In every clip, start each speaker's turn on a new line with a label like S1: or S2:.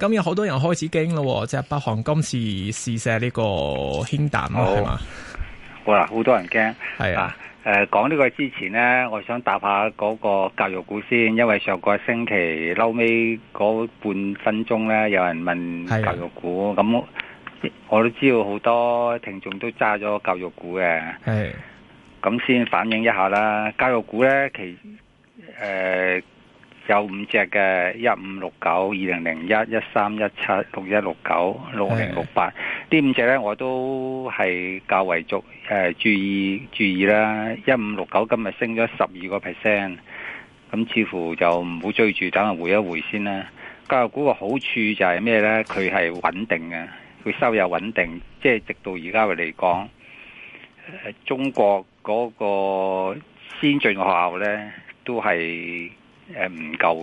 S1: 今日好多
S2: 人開始驚咯，即係北韓今次試射呢個氫彈咯，係嘛好？嗎好
S3: 啦，好多人驚。係啊，誒、啊，講、呃、呢個之前呢，我想答一下嗰個教育股先，因為上個星期嬲尾嗰半分鐘呢，有人問教育股，咁、啊、我，我都知道好多聽眾都揸咗教育股嘅，係、啊。咁先反映一下啦，教育股呢，其誒。呃有五隻嘅，一五六九、二零零一、一三一七、六一六九、六零六八。呢五隻呢，我都係較為足誒、呃，注意注意啦。一五六九今日升咗十二個 percent，咁似乎就唔好追住，等下回一回先啦。教育股個好處就係咩呢？佢係穩定嘅，佢收入穩定，即係直到而家嚟講、呃，中國嗰個先進嘅學校呢都係。誒，唔、嗯、夠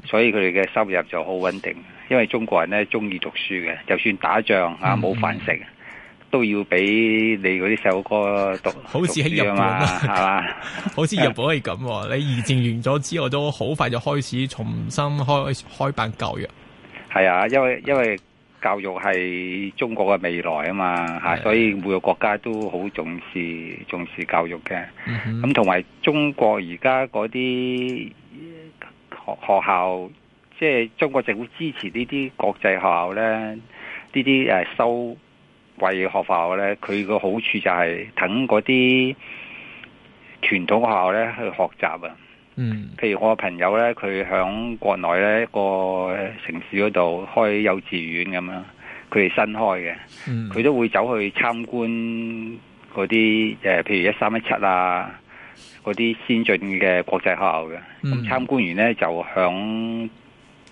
S3: 嘅，所以佢哋嘅收入就好穩定。因為中國人咧中意讀書嘅，就算打仗啊，冇飯食，都要俾你嗰啲細路哥讀，好似喺日本啊，係嘛？好似日
S2: 本係咁，你二戰完咗之後都好快就開始重新開開辦教育。
S3: 係啊，因為因為教育係中國嘅未來啊嘛，係、啊，所以每個國家都好重視重視教育嘅。咁同埋中國而家嗰啲。學校即係中國政府支持呢啲國際學校咧，呢啲誒收衛學校咧，佢個好處就係等嗰啲傳統學校咧去學習啊。嗯譬、那個，譬如我個朋友咧，佢響國內咧一個城市嗰度開幼稚園咁樣，佢哋新開嘅，佢都會走去參觀嗰啲誒，譬如一三一七啊。嗰啲先進嘅國際學校嘅，咁參觀完咧就響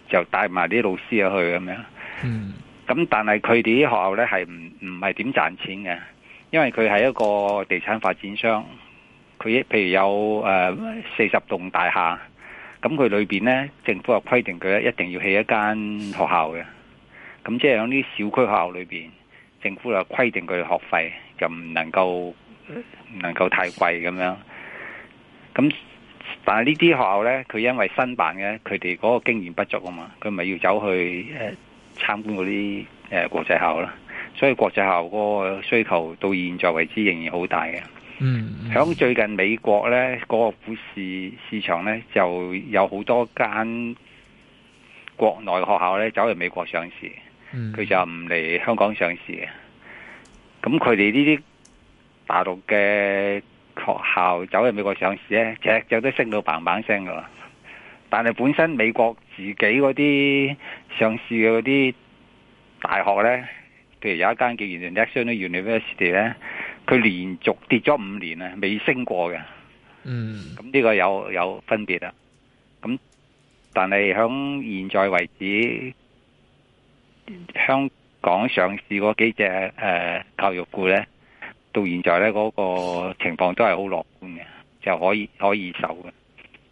S3: 就帶埋啲老師入去咁樣。咁但係佢哋啲學校咧係唔唔係點賺錢嘅？因為佢係一個地產發展商，佢譬如有誒四十棟大廈，咁佢裏邊咧政府係規定佢一定要起一間學校嘅。咁即係喺啲小區學校裏邊，政府又規定佢學費就唔能夠唔能夠太貴咁樣。咁、嗯、但係呢啲學校呢，佢因為新辦嘅，佢哋嗰個經驗不足啊嘛，佢咪要走去誒、呃、參觀嗰啲、呃、國際校啦。所以國際校嗰個需求到現在為止仍然好大嘅、嗯。嗯，響最近美國呢、嗰個股市市場呢，就有好多間國內學校呢走嚟美國上市，佢、嗯、就唔嚟香港上市嘅。咁佢哋呢啲大陸嘅。學校走喺美國上市咧，隻隻都升到棒棒聲噶啦。但係本身美國自己嗰啲上市嘅嗰啲大學咧，譬如有一間叫完人 Education University 咧，佢連續跌咗五年啊，未升過嘅。嗯，咁呢個有有分別啊。咁但係響現在為止，香港上市嗰幾隻誒教育股咧。呃到現在咧，嗰個情況都係好樂觀嘅，就可以可以受嘅。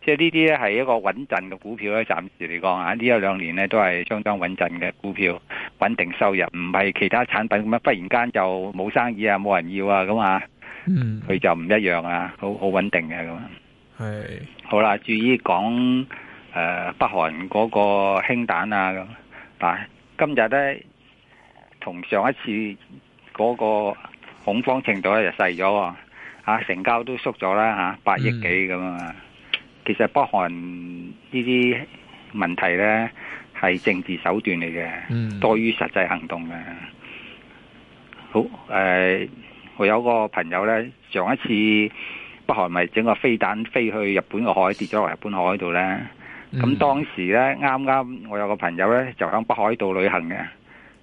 S3: 即係呢啲咧係一個穩陣嘅股票咧，暫時嚟講啊，呢一兩年咧都係相當穩陣嘅股票，穩定收入，唔係其他產品咁樣。忽然間就冇生意啊，冇人要啊，咁啊，嗯，佢就唔一樣啊，好好穩定嘅咁樣。係好啦，至於講誒北韓嗰個氫彈啊咁，但係今日咧同上一次嗰個。恐慌程度咧就細咗，啊成交都縮咗啦嚇，八億幾咁啊！嗯、其實北韓呢啲問題咧係政治手段嚟嘅，嗯、多於實際行動嘅。好誒、呃，我有個朋友咧，上一次北韓咪整個飛彈飛去日本嘅海，跌咗落日本海度咧。咁、嗯、當時咧啱啱我有個朋友咧就響北海道旅行嘅，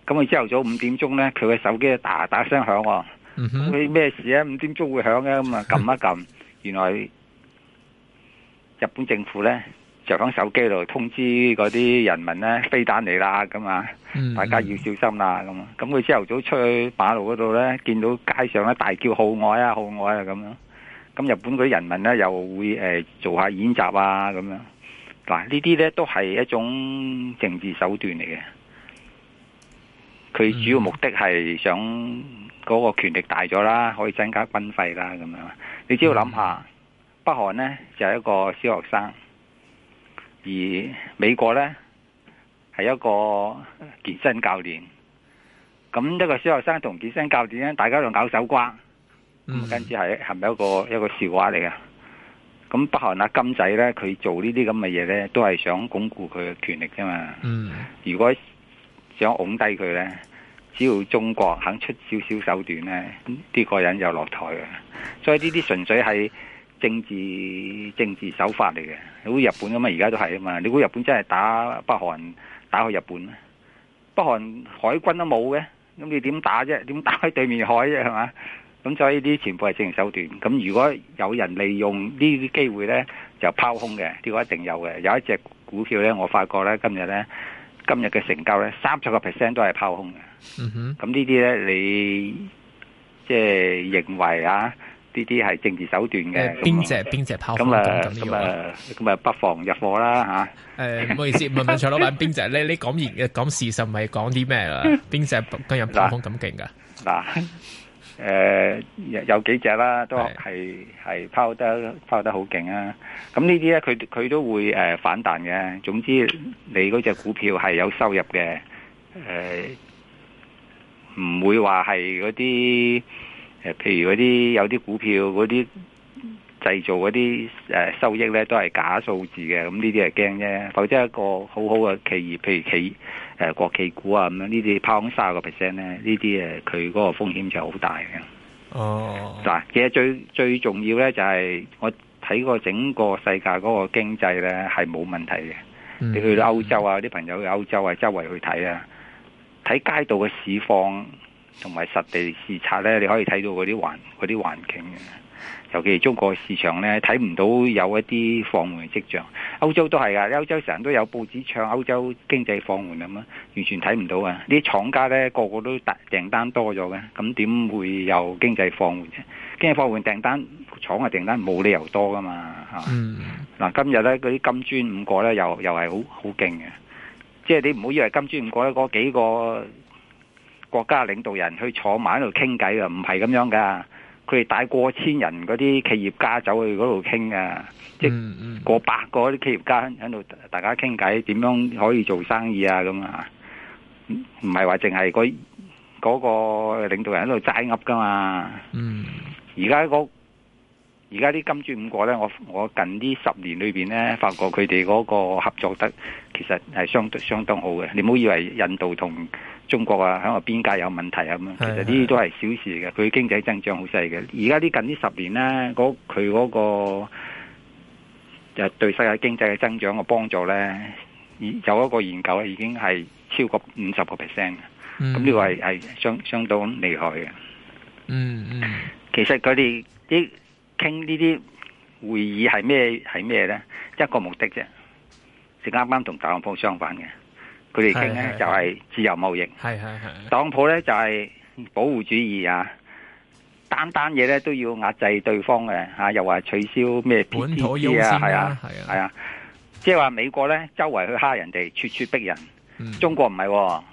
S3: 咁佢朝頭早五點鐘咧，佢嘅手機就打打聲響、哦。佢咩、嗯、事啊？五點鐘會響嘅，咁啊撳一撳，嗯、哼原來日本政府咧就響手機度通知嗰啲人民咧飛彈嚟啦，咁啊，大家要小心啦，咁咁佢朝頭早出去馬路嗰度咧，見到街上咧大叫號外啊，號外啊，咁樣，咁日本嗰啲人民咧又會誒、呃、做下演習啊，咁樣嗱，呢啲咧都係一種政治手段嚟嘅，佢主要目的係想。嗯嗰個權力大咗啦，可以增加軍費啦，咁樣你只要諗下，mm hmm. 北韓呢就係、是、一個小學生，而美國呢，係一個健身教練，咁一個小學生同健身教練呢，大家仲拗手瓜，跟住係係咪一個一個笑話嚟嘅？咁北韓阿、啊、金仔呢，佢做呢啲咁嘅嘢呢，都係想鞏固佢嘅權力啫嘛。嗯、mm，hmm. 如果想拱低佢呢。只要中國肯出少少手段咧，呢個人就落台嘅。所以呢啲純粹係政治政治手法嚟嘅。你好日本咁嘛，而家都係啊嘛。你估日本真係打北韓打開日本北韓海軍都冇嘅，咁你點打啫？點打開對面海啫？係嘛？咁所以呢啲全部係政治手段。咁如果有人利用呢啲機會咧，就拋空嘅，呢個一定有嘅。有一隻股票咧，我發覺咧今日咧。今日嘅成交咧，三十個 percent 都係拋空嘅。咁、嗯、哼呢啲咧，你即係認為啊，呢啲係政治手段嘅。邊隻邊隻拋空咁啊？咁啊？咁啊？不妨入貨啦嚇。誒麼，唔麼、呃、
S2: 好意思，問問 蔡老闆，邊隻咧？你講完嘅講事實，唔係講啲咩啦？邊隻今日拋空咁
S3: 勁㗎？ 誒、呃，有幾隻啦，都係係拋得拋得好勁啊！咁呢啲咧，佢佢都會誒反彈嘅。總之，你嗰隻股票係有收入嘅，誒、呃，唔會話係嗰啲誒，譬如嗰啲有啲股票嗰啲。嗰啲製造嗰啲誒收益咧，都係假數字嘅，咁呢啲係驚啫。否則一個很好好嘅企業，譬如企誒、呃、國企股啊，咁樣呢啲拋三十個 percent 咧，呢啲誒佢嗰個風險就好大嘅。哦，
S2: 嗱，
S3: 其實最最重要咧、就是，就係我睇過整個世界嗰個經濟咧，係冇問題嘅。你去到歐洲啊，啲、mm hmm. 朋友去歐洲啊，周圍去睇啊，睇街道嘅市況同埋實地視察咧，你可以睇到嗰啲環啲環境嘅。尤其是中國市場咧，睇唔到有一啲放緩跡象。歐洲都係噶，歐洲成日都有報紙唱歐洲經濟放緩咁啊，完全睇唔到啊！啲廠家咧個個都訂單多咗嘅，咁點會有經濟放緩啫？經濟放緩訂單，廠嘅訂單冇理由多噶嘛嚇。嗱，今日咧嗰啲金磚五國咧，又又係好好勁嘅，即係你唔好以為金磚五國嗰幾個國家領導人去坐埋喺度傾計傾偈嘅，唔係咁樣㗎。佢哋帶過千人嗰啲企業家走去嗰度傾噶，即係過百個啲企業家喺度大家傾偈，點樣可以做生意啊？咁啊，唔係話淨係個嗰個領導人喺度齋噏噶嘛。嗯。而家而家啲金磚五國咧，我我近呢十年裏邊咧，發覺佢哋嗰個合作得其實係相相當好嘅。你唔好以為印度同。中國啊，喺個邊界有問題啊，咁其實呢啲都係小事嘅。佢經濟增長好細嘅，而家呢近呢十年咧，佢嗰個誒對世界經濟嘅增長嘅幫助咧，有一個研究咧已經係超過五十個 percent 嘅。咁呢個係相相當厲害嘅。嗯嗯，嗯，嗯、其實佢哋啲傾呢啲會議係咩係咩咧？一個目的啫，就啱啱同特朗普相反嘅。佢哋傾咧就係自由貿易，係係
S2: 係，黨
S3: 普咧就係、是、保護主義啊，單單嘢咧都要壓制對方嘅吓、啊，又話取消咩、啊、本土優先啊，係啊係啊，即係話美國咧周圍去蝦人哋，咄咄逼人。嗯、中國唔係、啊，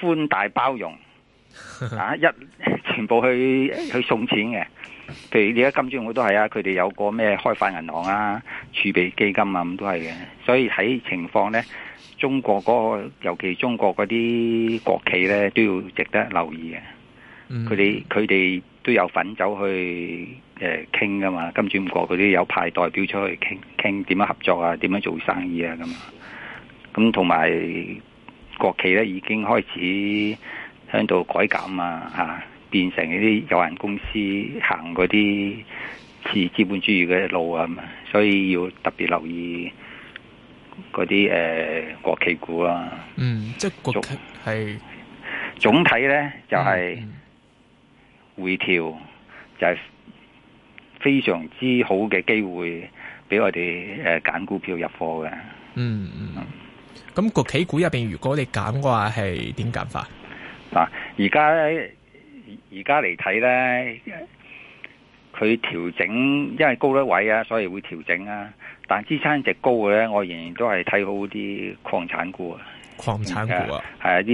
S3: 寬大包容啊，一全部去去送錢嘅。譬如而家金磚我都係啊，佢哋有個咩開發銀行啊、儲備基金啊咁都係嘅，所以喺情況咧。中國嗰個，尤其中國嗰啲國企咧，都要值得留意嘅。佢哋佢哋都有份走去傾噶呃嘛，今次唔過佢啲有派代表出去傾傾點樣合作啊，點樣做生意啊咁。咁同埋國企咧已經開始喺度改減啊，變成啲有限公司行嗰啲資本主義嘅路啊，所以要特別留意。嗰啲誒國企股啊，嗯，即係國企係總體咧就係回調，就係非常之好嘅機會俾我哋誒揀股票入貨嘅。嗯嗯，
S2: 咁國企股入邊，如果你揀嘅話係
S3: 點揀法？嗱，而家而家嚟睇咧。佢調整，因為高一位啊，所以會調整啊。但係資產值高嘅咧，我仍然都係睇好啲礦產股啊。礦產股啊，係一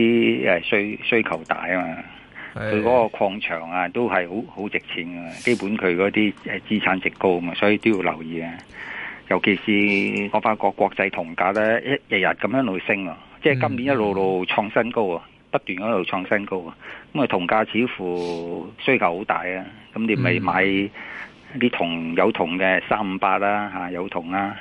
S3: 啲誒需需求大啊，啊，啊嘛。
S1: 佢嗰是個
S3: 礦場啊，都係好好值錢啊。基本佢嗰啲誒資產值高啊嘛，所以都要留意啊。尤其是我發覺國際銅價咧，一日日咁樣落去升啊，即係今年一路路創新高啊。嗯嗯不斷喺度創新高啊！咁啊，銅價似乎需求好大銅銅啊！咁你咪買啲銅有銅嘅三五八啦，吓有銅啦，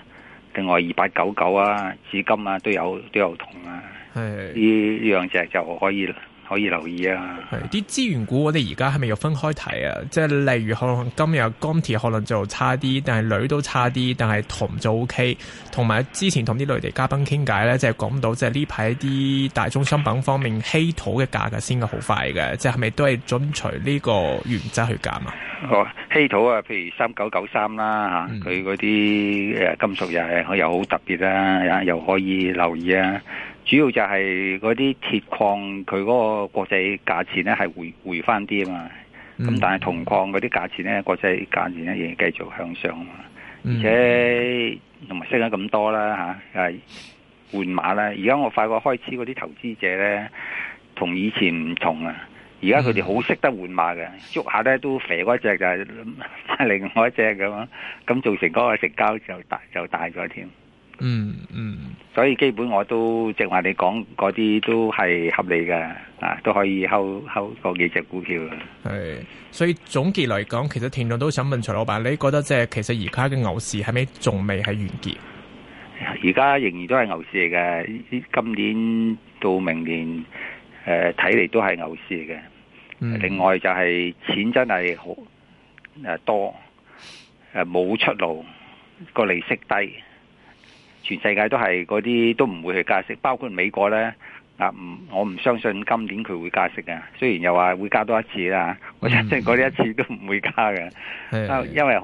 S3: 另外二八九九啊，紫金啊都有都有銅啊，呢呢兩隻就可以啦。可以留意啊！
S2: 係啲資源股，我哋而家係咪要分開睇啊？即係例如可能今日鋼鐵可能就差啲，但係鋁都差啲，但係銅就 O K。同埋之前同啲內地嘉賓傾偈咧，即係講到即係呢排啲大宗商品方面，稀土嘅價格升嘅好快嘅，即係咪都係遵循呢個原則去揀啊？
S3: 哦，稀土啊，譬如三九九三啦嚇，佢嗰啲誒金屬係可又好特別啦，啊，又可以留意啊！主要就係嗰啲鐵礦佢嗰個國際價錢咧係回，回回翻啲嘛，咁、嗯、但係銅礦嗰啲價錢呢，國際價錢咧仍然繼續向上嘛，嗯、而且同埋識得咁多啦嚇，係換馬啦。而家我發覺開始嗰啲投資者呢，同以前唔同啊，而家佢哋好識得換馬嘅，捉、嗯、下呢都肥嗰隻，就係換另外一隻咁，咁做成嗰個成交就大咗添。就大了了。嗯嗯，嗯，所以基本我都即係話你講嗰啲都係合理嘅啊，都可以收收嗰幾隻股票。係，
S2: 所以總結嚟講，其實聽眾都想問徐老闆，你覺得即係其實而家嘅牛市係咪仲未係完結？
S3: 而家仍然都係牛市嚟嘅，今年到明年誒，睇嚟都係牛市嚟嘅。嗯、另外就係錢真係好誒、啊、多誒冇、啊、出路，個利息低。全世界都係嗰啲都唔會去加息，包括美國咧。啊，唔，我唔相信今年佢會加息嘅。雖然又話會加多一次啦，我真係嗰一次都唔會加嘅，的因為。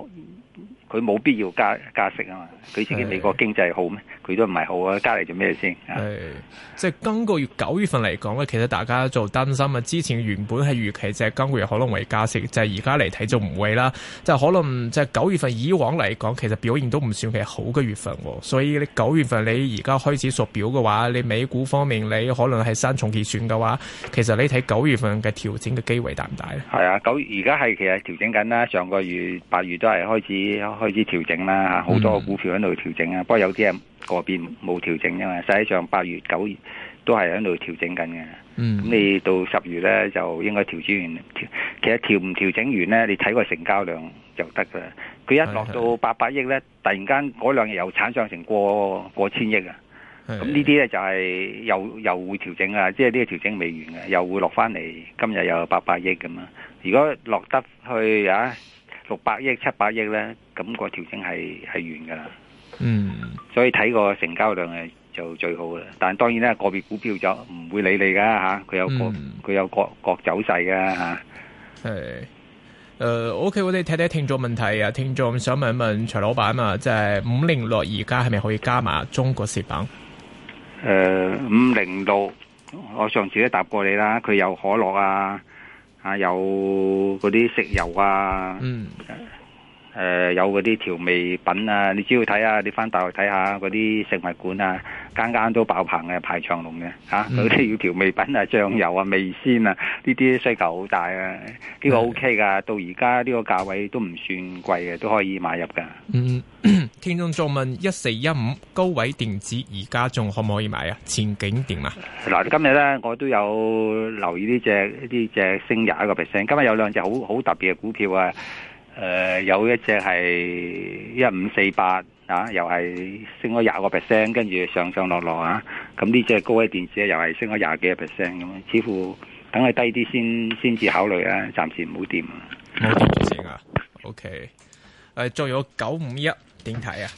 S3: 佢冇必要加加息啊嘛！佢自己美國經濟好咩？佢、哎、都唔係好啊！加嚟做咩先？係
S2: 即係今個月九月份嚟講咧，其實大家做擔心啊！之前原本係預期就係今個月可能會加息，就係而家嚟睇就唔會啦。即係可能即係九月份以往嚟講，其實表現都唔算係好嘅月份。所以你九月份你而家開始縮表嘅話，你美股方面你可能係三重結算嘅話，其實你睇九月份嘅調整嘅機會大唔大咧？
S3: 係啊，九而家係其實調整緊啦。上個月八月都係開始。開始調整啦，好多股票喺度調整啊。不過有啲啊嗰邊冇調整啫嘛。實際上八月、九月都係喺度調整緊嘅。咁你到十月咧，就應該調整完。其實調唔調整完咧，你睇個成交量就得噶啦。佢一落到八百億咧，突然間嗰兩日又撐上成過過千億啊。咁呢啲咧就係又又會調整啊。即係呢個調整未完啊，又會落翻嚟。今日又八百億咁啊。如果落得去啊？六百億、七百億咧，咁、那個調整係係完噶啦。嗯，所以睇個成交量係就最好啦。但係當然咧，個別股票就唔會理你噶吓，佢、啊有，嗯、有各佢有各各走勢噶吓。係、啊，誒、
S2: 呃，OK，我哋睇睇聽眾問題啊。聽眾想問一問徐老闆啊，即係五零六而家係咪可以加碼中國食品？誒、
S3: 呃，五零六，我上次都答過你啦，佢有可樂啊。啊！有嗰啲食油啊，嗯，誒、呃，有嗰啲調味品啊，你只要睇下，你翻大陸睇下嗰啲食物館啊。間間都爆棚嘅排長龍嘅吓，嗰、啊、啲、嗯、要調味品啊、醬油啊、嗯、味鮮啊，呢啲需求好大啊，呢、這個 O K 噶，到而家呢個價位都唔算貴嘅，都可以買入噶。嗯，
S2: 聽眾再問一四一五高偉電子而家仲可唔可以買啊？前景點啊？
S3: 嗱，今日咧我都有留意呢隻呢隻升廿一個 percent，今日有兩隻好好特別嘅股票啊，誒、呃，有一隻係一五四八。啊！又係升咗廿個 percent，跟住上上落落啊！咁呢隻高威電池又係升咗廿幾個 percent 咁，似乎等佢低啲先先至考慮啊！暫時唔好掂，冇掂住先啊，OK 誒，
S2: 再、okay. 呃、有九五一點睇啊？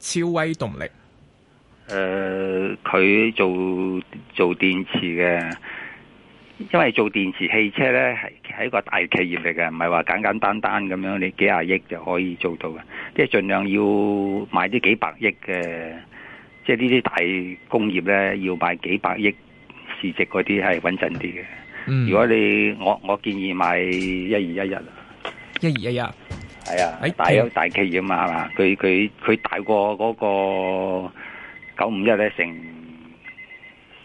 S2: 超威動
S3: 力，誒、呃，佢做做電池嘅。因為做電池汽車咧，係一個大企業嚟嘅，唔係話簡簡單單咁樣，你幾廿億就可以做到嘅。即係盡量要買啲幾百億嘅，即係呢啲大工業咧，要買幾百億市值嗰啲係穩陣啲嘅。嗯、如果你我我建議買一二一一，一二一一，係啊，大大企業嘛，佢佢佢大過嗰個九五一咧，成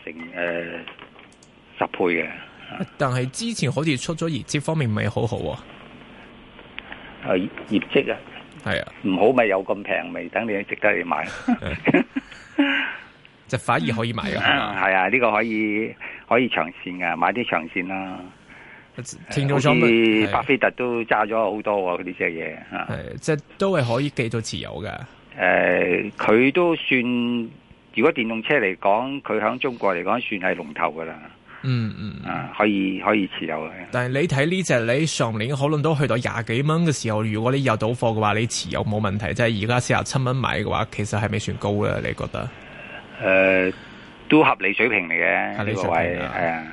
S3: 成誒。呃嘅，
S2: 但係之前好似出咗業績方面咪好好啊？
S3: 係業績啊，係啊，唔、啊、好咪有咁平咪，等你值得你買，啊、 就反而可以買啊！係啊，呢、這個可以可以長線噶，買啲長線啦。前早啲巴菲特都揸咗好多嗰啲隻嘢係
S2: 即係都係可以記到持有噶。
S3: 誒、啊，佢都算如果電動車嚟講，佢喺中國嚟講算係龍頭噶啦。嗯嗯，啊可以可以持有，
S2: 但係你睇呢隻，你上年可能都去到廿幾蚊嘅時候，如果你有倒貨嘅話，你持有冇問題。即係而家四十七蚊買嘅話，其實係咪算高
S3: 咧？你覺得？誒、呃，都合理水平嚟嘅呢個位，係啊，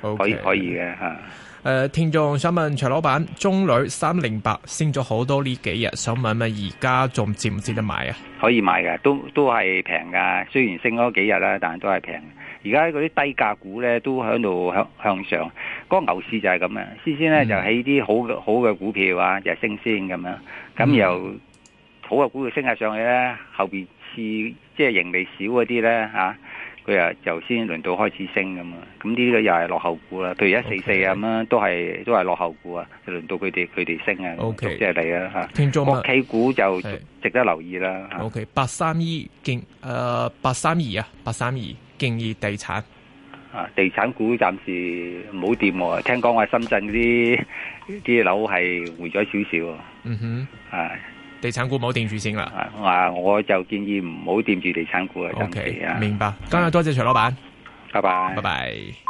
S3: 好 okay 可以可以嘅吓。誒、啊
S2: 呃，聽眾想問徐老闆，中旅三零八升咗好多呢幾日，想問問而家仲接唔接得買啊？
S3: 可以買㗎，都都係平噶。雖然升咗幾日啦，但係都係平。而家嗰啲低價股咧都喺度向向上，嗰，那個牛市就係咁樣，先先咧、嗯、就喺啲好好嘅股票啊，又升先咁樣，咁又、嗯、好嘅股票升啊上去咧，後邊次即係盈利少嗰啲咧嚇，佢又又先輪到開始升咁啊，咁呢啲又係落後股啦，譬如一四四咁啦，都係都係落後股輪 okay, 啊，就輪到佢哋佢哋升啊，OK 即係嚟啦嚇，國企股就是值得留意啦。OK，
S2: 八三二？建，呃，誒八三二啊，八三二。建議地產
S3: 啊，地產股暫時唔好掂喎。聽講我喺深圳啲啲樓係回咗少少。嗯哼，係
S2: 地產股唔好掂住先
S3: 啦。我我就建議唔好掂住地產股啊。OK 啊，明白。今日
S2: 多謝徐老闆。
S3: 拜拜。拜拜。